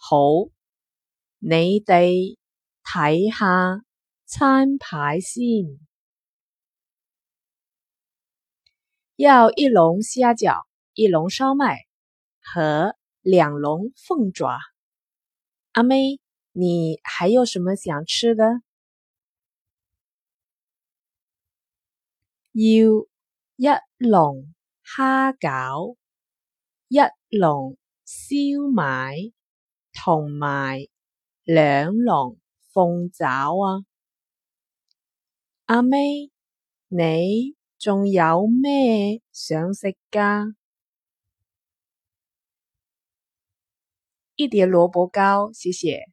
好，你哋睇下餐牌先。要一籠蝦餃，一籠燒賣和兩籠鳳爪。阿 May，你還有什麼想吃的？要一籠蝦餃，一籠燒賣。同埋兩籠鳳爪啊，阿 May，你仲有咩想食㗎、啊？一碟蘿蔔糕，謝謝。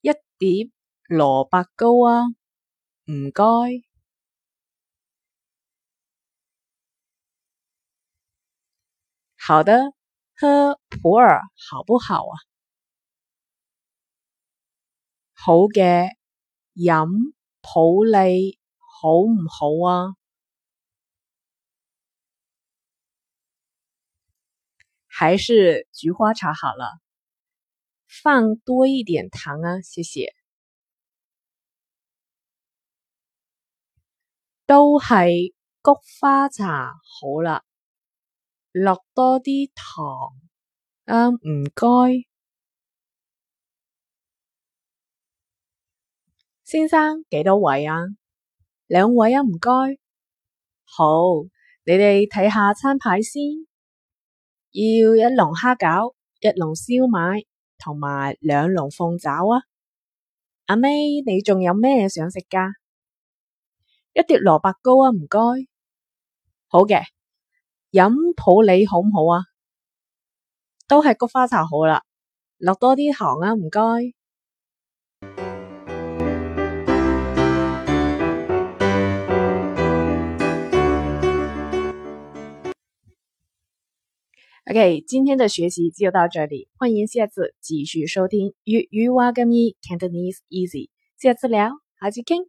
一碟蘿蔔糕啊，唔該。好的。喝普洱好不好啊？好嘅，飲普洱好唔好啊？還是菊花茶好了，放多一點糖啊，謝謝。都係菊花茶好啦。落多啲糖，啊唔該，先生幾多位啊？兩位啊唔該，好，你哋睇下餐牌先，要一籠蝦餃，一籠燒賣，同埋兩籠鳳爪啊。阿 May，你仲有咩想食噶？一碟蘿卜糕啊唔該，好嘅。飲普洱好唔好啊？都係菊花茶好啦，落多啲糖啊，唔該。OK，今天的學習就到這裏，歡迎下次繼續收聽《粵語話咁易，Cantonese Easy》下，下次聊，下次傾。